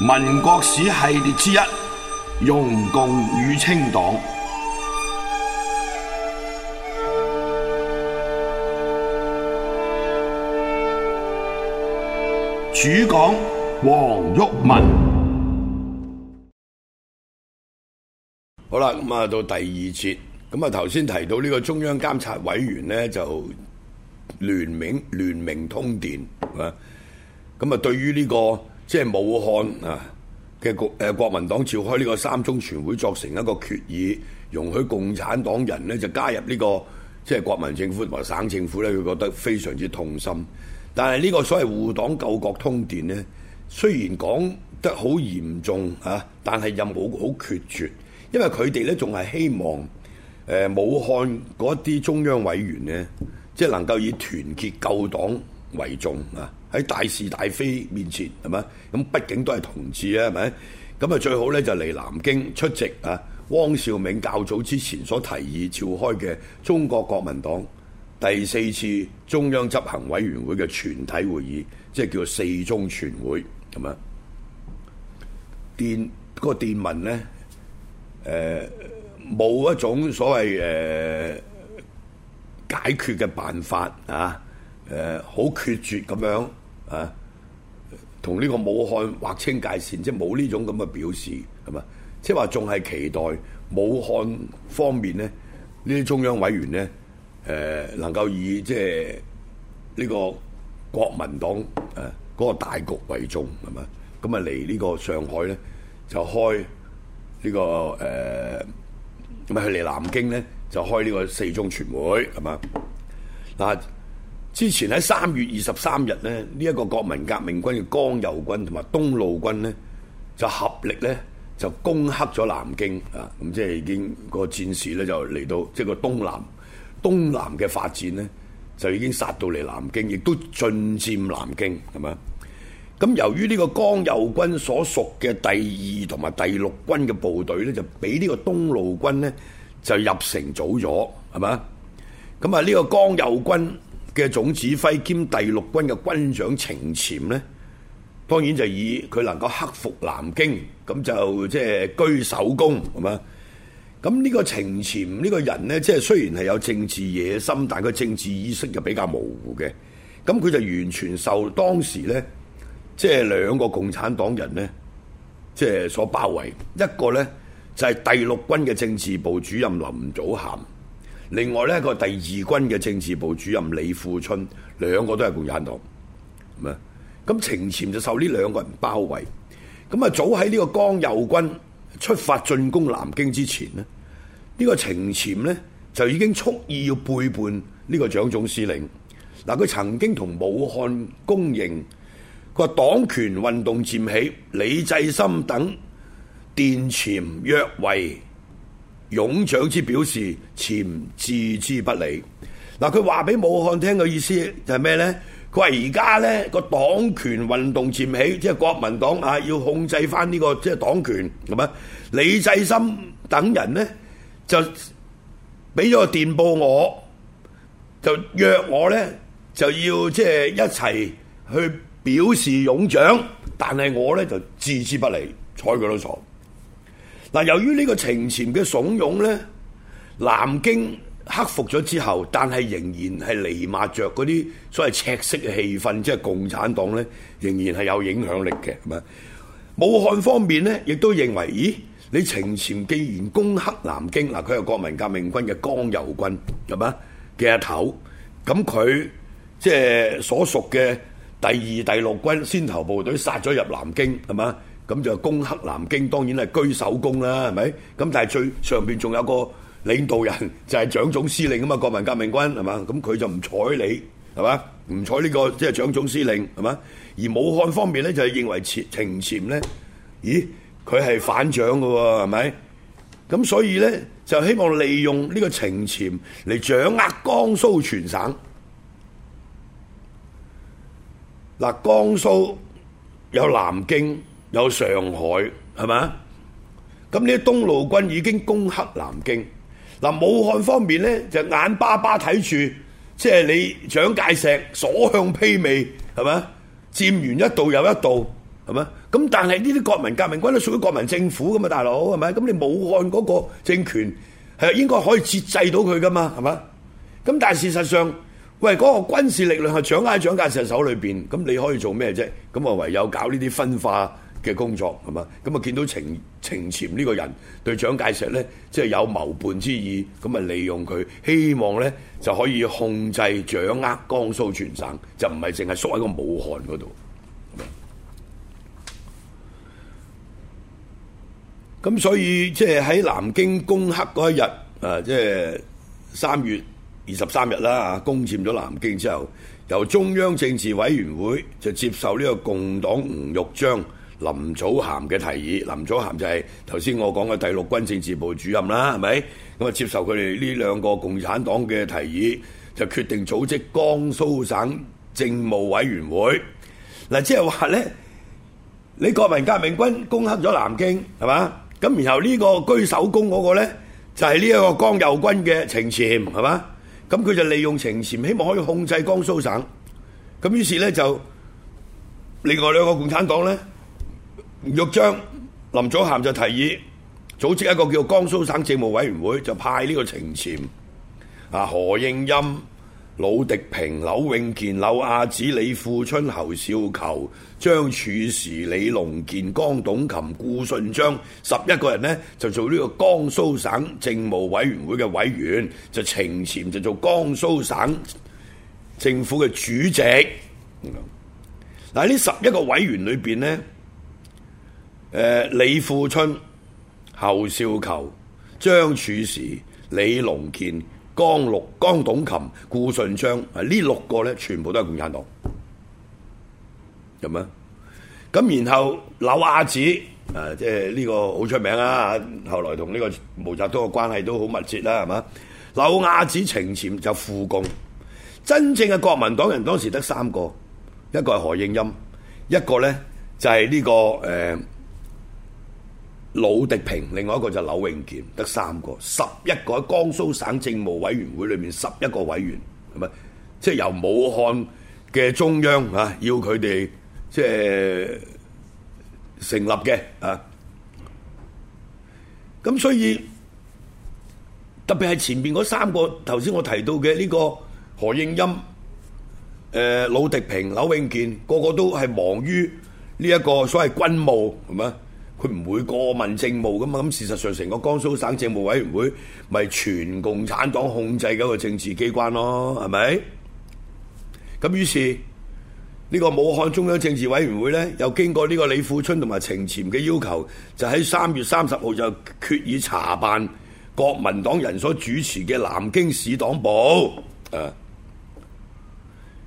民國史系列之一，容共與清黨，主講黃毓民。好啦，咁啊到第二節，咁啊頭先提到呢個中央監察委員咧，就聯名聯名通電啊，咁啊對於呢、這個。即係武漢啊嘅國誒國民黨召開呢個三中全會，作成一個決議，容許共產黨人咧就加入呢個即係國民政府同埋省政府咧，佢覺得非常之痛心。但係呢個所謂護黨救國通電咧，雖然講得好嚴重嚇，但係又冇好決絕，因為佢哋咧仲係希望誒武漢嗰啲中央委員咧，即係能夠以團結救黨為重啊！喺大是大非面前，係咪咁？畢竟都係同志啊，係咪？咁啊，最好咧就嚟南京出席啊！汪兆銘較早之前所提議召開嘅中國國民黨第四次中央執行委員會嘅全體會議，即係叫做四中全會，係咪？電、嗰個電文呢，誒、呃、冇一種所謂誒、呃、解決嘅辦法啊！誒好、呃、決絕咁樣啊，同呢個武漢劃清界線，即係冇呢種咁嘅表示，係嘛？即係話仲係期待武漢方面咧，呢啲中央委員呢，誒、呃、能夠以即係呢個國民黨誒嗰、啊嗰個大局為重，係嘛？咁啊嚟呢個上海呢，就開呢、呢個誒，咁啊去嚟南京呢，就開呢個四中全會，係嘛？嗱。之前喺三月二十三日呢，呢一個國民革命軍嘅江右軍同埋東路軍呢，就合力呢，就攻克咗南京啊！咁即係已經、個戰事呢，就嚟到即係個東南東南嘅發展呢，就已經殺到嚟南京，亦都進佔南京，係嘛？咁由於呢個江右軍所屬嘅第二同埋第六軍嘅部隊呢，就比呢個東路軍呢，就入城早咗，係嘛？咁啊呢個江右軍。嘅總指揮兼第六軍嘅軍長程潛呢，當然就以佢能夠克服南京，咁就即係、就是、居首功。係咁呢個程潛呢個人呢，即係雖然係有政治野心，但佢政治意識就比較模糊嘅。咁佢就完全受當時呢，即、就、係、是、兩個共產黨人呢，即、就、係、是、所包圍。一個呢，就係、是、第六軍嘅政治部主任林祖涵。另外呢個第二軍嘅政治部主任李富春，兩個都係共產黨。咁啊，咁程潛就受呢兩個人包圍，咁啊，早喺呢個江右軍出發進攻南京之前咧，呢、呢個程潛呢就已經蓄意要背叛呢個蔣總司令。嗱，佢曾經同武漢公認，佢話黨權運動佔起，李濟深等電潛約位。擁蔣之表示，潛置之不理。嗱、啊，佢話俾武漢聽嘅意思就係、是、咩呢？佢話而家呢個黨權運動漸起，即係國民黨啊要控制翻、這、呢個即係黨權，係咪？李濟深等人呢就俾咗個電報我，就約我呢就要即係一齊去表示擁蔣，但係我呢就置之不理，睬佢都傻。嗱，由於呢個程潛嘅慫恿呢，南京克服咗之後，但係仍然係彌漫着嗰啲所謂赤色氣氛，即係共產黨呢，仍然係有影響力嘅，武漢方面呢，亦都認為，咦？你程潛既然攻克南京，嗱、啊，佢係國民革命軍嘅江右軍，係咪？嘅一頭，咁佢即係所屬嘅第二、第六軍先頭部隊殺咗入南京，係咪？咁就攻克南京，當然係居首功啦，係咪？咁但係最上邊仲有個領導人，就係蔣總司令啊嘛，國民革命軍係嘛？咁佢就唔睬你係嘛？唔睬呢個即係蔣總司令係嘛？而武漢方面咧，就係認為程潛咧，咦，佢係反蔣嘅喎，係咪？咁所以咧就希望利用呢個程潛嚟掌握江蘇全省。嗱，江蘇有南京。有上海，係嘛？咁呢啲東路軍已經攻克南京。嗱，武漢方面咧就眼巴巴睇住，即係你蔣介石所向披靡，係嘛？佔完一度又一度，係嘛？咁但係呢啲國民革命軍都屬於國民政府噶嘛，大佬係咪？咁你武漢嗰個政權係應該可以節制到佢噶嘛，係嘛？咁但係事實上，喂，嗰個軍事力量係掌握喺蔣介石手裏邊，咁你可以做咩啫？咁啊，唯有搞呢啲分化。嘅工作，係嘛？咁啊，見到程程潛呢個人對蔣介石呢，即係有謀叛之意，咁啊利用佢，希望呢就可以控制掌握江蘇全省，就唔係淨係縮喺個武漢嗰度。咁所以即係喺南京攻克嗰一日，啊，即係三月二十三日啦，攻佔咗南京之後，由中央政治委員會就接受呢個共黨吳玉章。林祖涵嘅提議，林祖涵就係頭先我講嘅第六軍政治部主任啦，係咪？咁啊，接受佢哋呢兩個共產黨嘅提議，就決定組織江蘇省政務委員會。嗱，即係話咧，你國民革命軍攻克咗南京係嘛？咁然後呢個居首功嗰個咧，就係呢一個江右軍嘅程潛係嘛？咁佢就利用程潛，希望可以控制江蘇省。咁於是咧就另外兩個共產黨咧。玉章、林祖涵就提議組織一個叫江蘇省政務委員會，就派呢個程潛、啊何應欽、魯迪平、柳永健、柳亞子、李富春、侯少球、張處時、李龍健、江董琴、顧順章十一個人呢，就做呢個江蘇省政務委員會嘅委員，就程潛就做江蘇省政府嘅主席。嗱呢十一個委員裏邊呢。誒、呃、李富春、侯少球、張柱時、李龍健、江陸、江董琴、顧順章，係呢六個咧，全部都係共產黨，有咩？咁然後柳亞子誒、啊，即係呢個好出名啦、啊。後來同呢個毛澤東嘅關係都好密切啦，係嘛？柳亞子程潛就副共，真正嘅國民黨人當時得三個，一個係何應欽，一個咧就係、是、呢、這個誒。呃老迪平，另外一個就係柳永健，得三個，十一個喺江蘇省政務委員會裏面，十一個委員，係咪？即係由武漢嘅中央啊，要佢哋即係成立嘅啊。咁所以特別係前面嗰三個頭先我提到嘅呢、這個何應欽、誒、呃、老迪平、柳永健，個個都係忙於呢一個所謂軍務，係咪佢唔會過問政務㗎嘛。咁事實上，成個江蘇省政務委員會咪全共產黨控制嘅一個政治機關咯？係咪？咁於是呢、呢個武漢中央政治委員會呢，又經過呢個李富春同埋程潛嘅要求，就喺三月三十號就決議查辦國民黨人所主持嘅南京市黨部。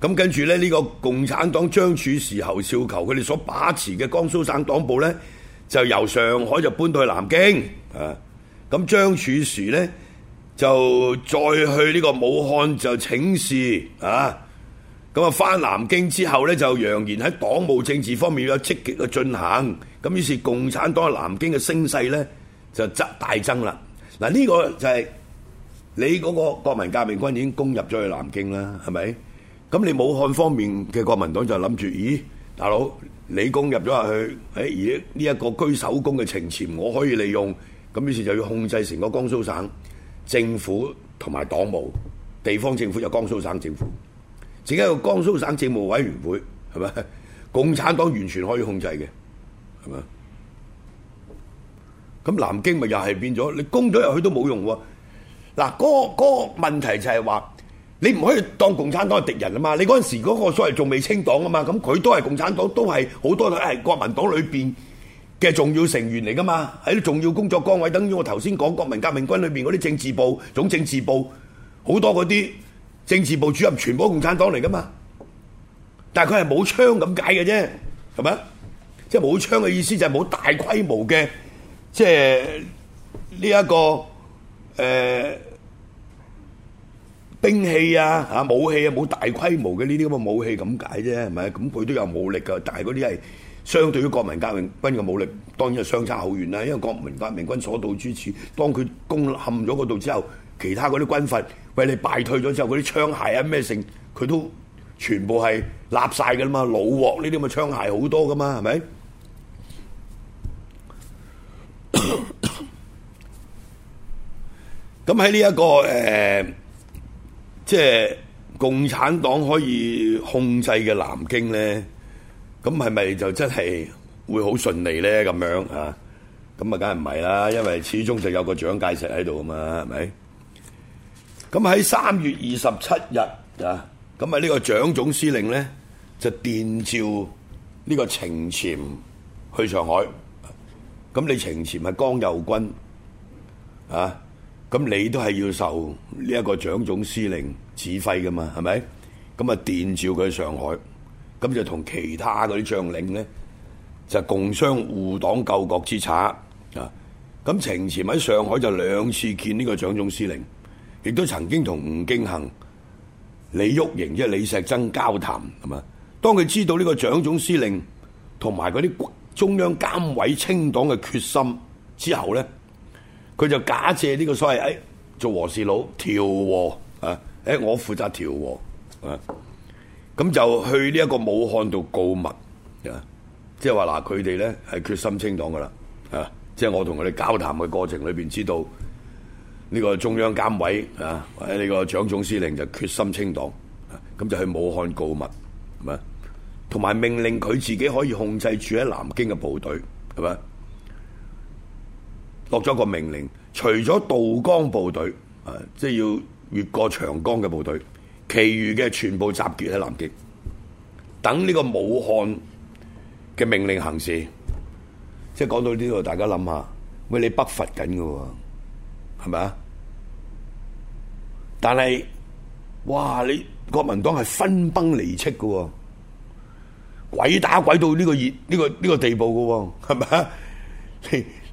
咁、啊、跟住呢，呢、呢個共產黨張曙時、侯紹裘佢哋所把持嘅江蘇省黨部呢。就由上海就搬到去南京，啊，咁張楚時呢就再去呢個武漢就請示，啊，咁啊返南京之後呢就揚言喺黨務政治方面要有積極嘅進行，咁於是共產黨喺南京嘅聲勢呢就大增啦。嗱，呢個就係你嗰個國民革命軍已經攻入咗去南京啦，係咪？咁你武漢方面嘅國民黨就諗住，咦，大佬？你攻入咗入去，誒而呢一個居首功嘅情節，我可以利用，咁於是就要控制成個江蘇省政府同埋黨務，地方政府就江蘇省政府，整一個江蘇省政務委員會係咪？共產黨完全可以控制嘅，係咪？咁南京咪又係變咗？你攻咗入去都冇用喎。嗱，嗰嗰個問題就係話。你唔可以當共產黨係敵人啊嘛！你嗰陣時嗰個所謂仲未清黨啊嘛，咁佢都係共產黨，都係好多係國民黨裏邊嘅重要成員嚟噶嘛，喺啲重要工作崗位，等於我頭先講國民革命軍裏邊嗰啲政治部、總政治部好多嗰啲政治部主任全部都共產黨嚟噶嘛，但係佢係冇槍咁解嘅啫，係咪？即係冇槍嘅意思就係、是、冇大規模嘅，即係呢一個誒。呃兵器啊，嚇武器啊，冇大規模嘅呢啲咁嘅武器咁解啫，係咪？咁佢都有武力㗎，但係嗰啲係相對於國民革命軍嘅武力，當然係相差好遠啦。因為國民革命軍所到之處，當佢攻陷咗嗰度之後，其他嗰啲軍閥為你敗退咗之後，嗰啲槍械啊咩性，佢都全部係立晒㗎啦嘛，老鑊呢啲咁嘅槍械好多㗎嘛，係咪？咁喺呢一個誒。呃即係共產黨可以控制嘅南京呢，咁係咪就真係會好順利呢？咁樣啊？咁啊，梗係唔係啦，因為始終就有個蔣介石喺度啊嘛，係咪？咁喺三月二十七日啊，咁啊呢個蔣總司令呢，就電召呢個程潛去上海，咁你程潛係江右軍啊？咁你都係要受呢一個蔣總司令指揮噶嘛，係咪？咁啊電召佢去上海，咁就同其他嗰啲將領呢，就共商護黨救國之策啊！咁程潛喺上海就兩次見呢個蔣總司令，亦都曾經同吳敬恆、李煜瀛即係李石曾交談，係嘛？當佢知道呢個蔣總司令同埋嗰啲中央監委清黨嘅決心之後呢。佢就假借呢個所謂誒、哎、做和事佬調和啊、哎！我負責調和啊，咁就去呢一個武漢度告密啊！即係話嗱，佢哋咧係決心清黨噶啦啊！即、就、係、是、我同佢哋交談嘅過程裏面，知道呢、這個中央監委啊，或者呢個蔣總司令就決心清黨啊，咁就去武漢告密，係嘛？同埋命令佢自己可以控制住喺南京嘅部隊，係落咗個命令，除咗渡江部隊、啊，即係要越過長江嘅部隊，其餘嘅全部集結喺南京。等呢個武漢嘅命令行事。即係講到呢度，大家諗下，喂，你北伐緊㗎喎，係咪啊？但係，哇！你國民黨係分崩離析㗎喎，鬼打鬼到呢、這個熱呢、這個呢、這個地步喎，係咪啊？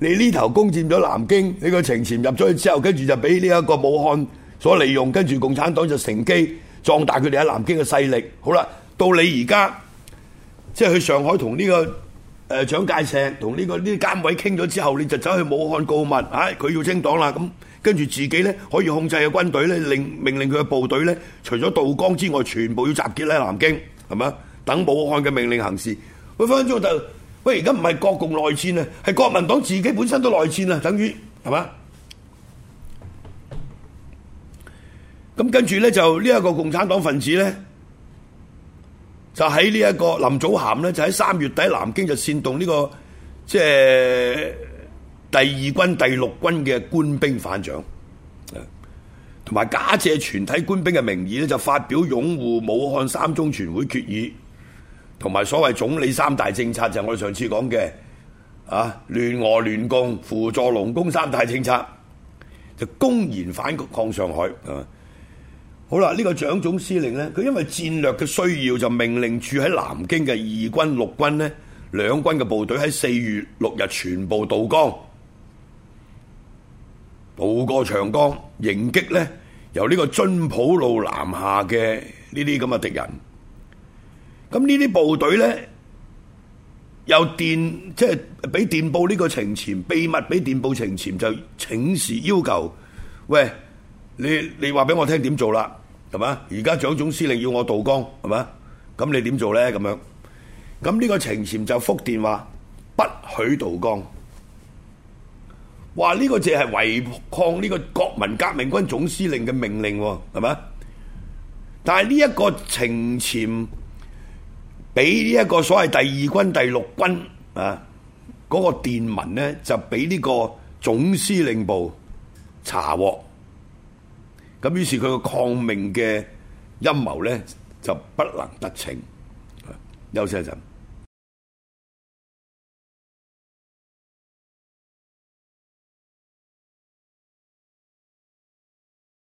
你呢頭攻佔咗南京，呢個程潛入咗去之後，跟住就俾呢一個武漢所利用，跟住共產黨就乘機壯大佢哋喺南京嘅勢力。好啦，到你而家即係去上海同呢、這個誒、呃、蔣介石同呢、這個呢啲監委傾咗之後，你就走去武漢告密，唉、啊，佢要清黨啦，咁跟住自己呢，可以控制嘅軍隊呢，令命令佢嘅部隊呢，除咗渡江之外，全部要集結喺南京，係咪，等武漢嘅命令行事，佢分分鐘就。喂，而家唔係國共內戰啊，係國民黨自己本身都內戰啊，等於係嘛？咁跟住咧就呢一個共產黨分子咧，就喺呢一個林祖涵咧，就喺三月底南京就煽動呢個即係第二軍第六軍嘅官兵反蔣，同埋假借全體官兵嘅名義咧，就發表擁護武漢三中全會決議。同埋所謂總理三大政策就係、是、我哋上次講嘅啊，聯俄聯共扶助農工三大政策，就公然反抗上海啊！好啦，呢、這個蔣總司令呢，佢因為戰略嘅需要，就命令駐喺南京嘅二軍、六軍呢兩軍嘅部隊喺四月六日全部渡江，渡過長江，迎擊呢由呢個津浦路南下嘅呢啲咁嘅敵人。咁呢啲部隊呢，又電，即係俾電報呢個程潛，秘密俾電報程潛，就請示要求，喂，你你話俾我聽點做啦，係嘛？而家蔣總司令要我渡江，係嘛？咁你點做呢？咁樣，咁呢個程潛就覆電話不許渡江，話呢個就係違抗呢個國民革命軍總司令嘅命令，係嘛？但係呢一個程潛。俾呢一個所謂第二軍第六軍啊，嗰個電文呢，就俾呢個總司令部查獲，咁於是佢個抗命嘅陰謀呢，就不能得逞。休息一陣。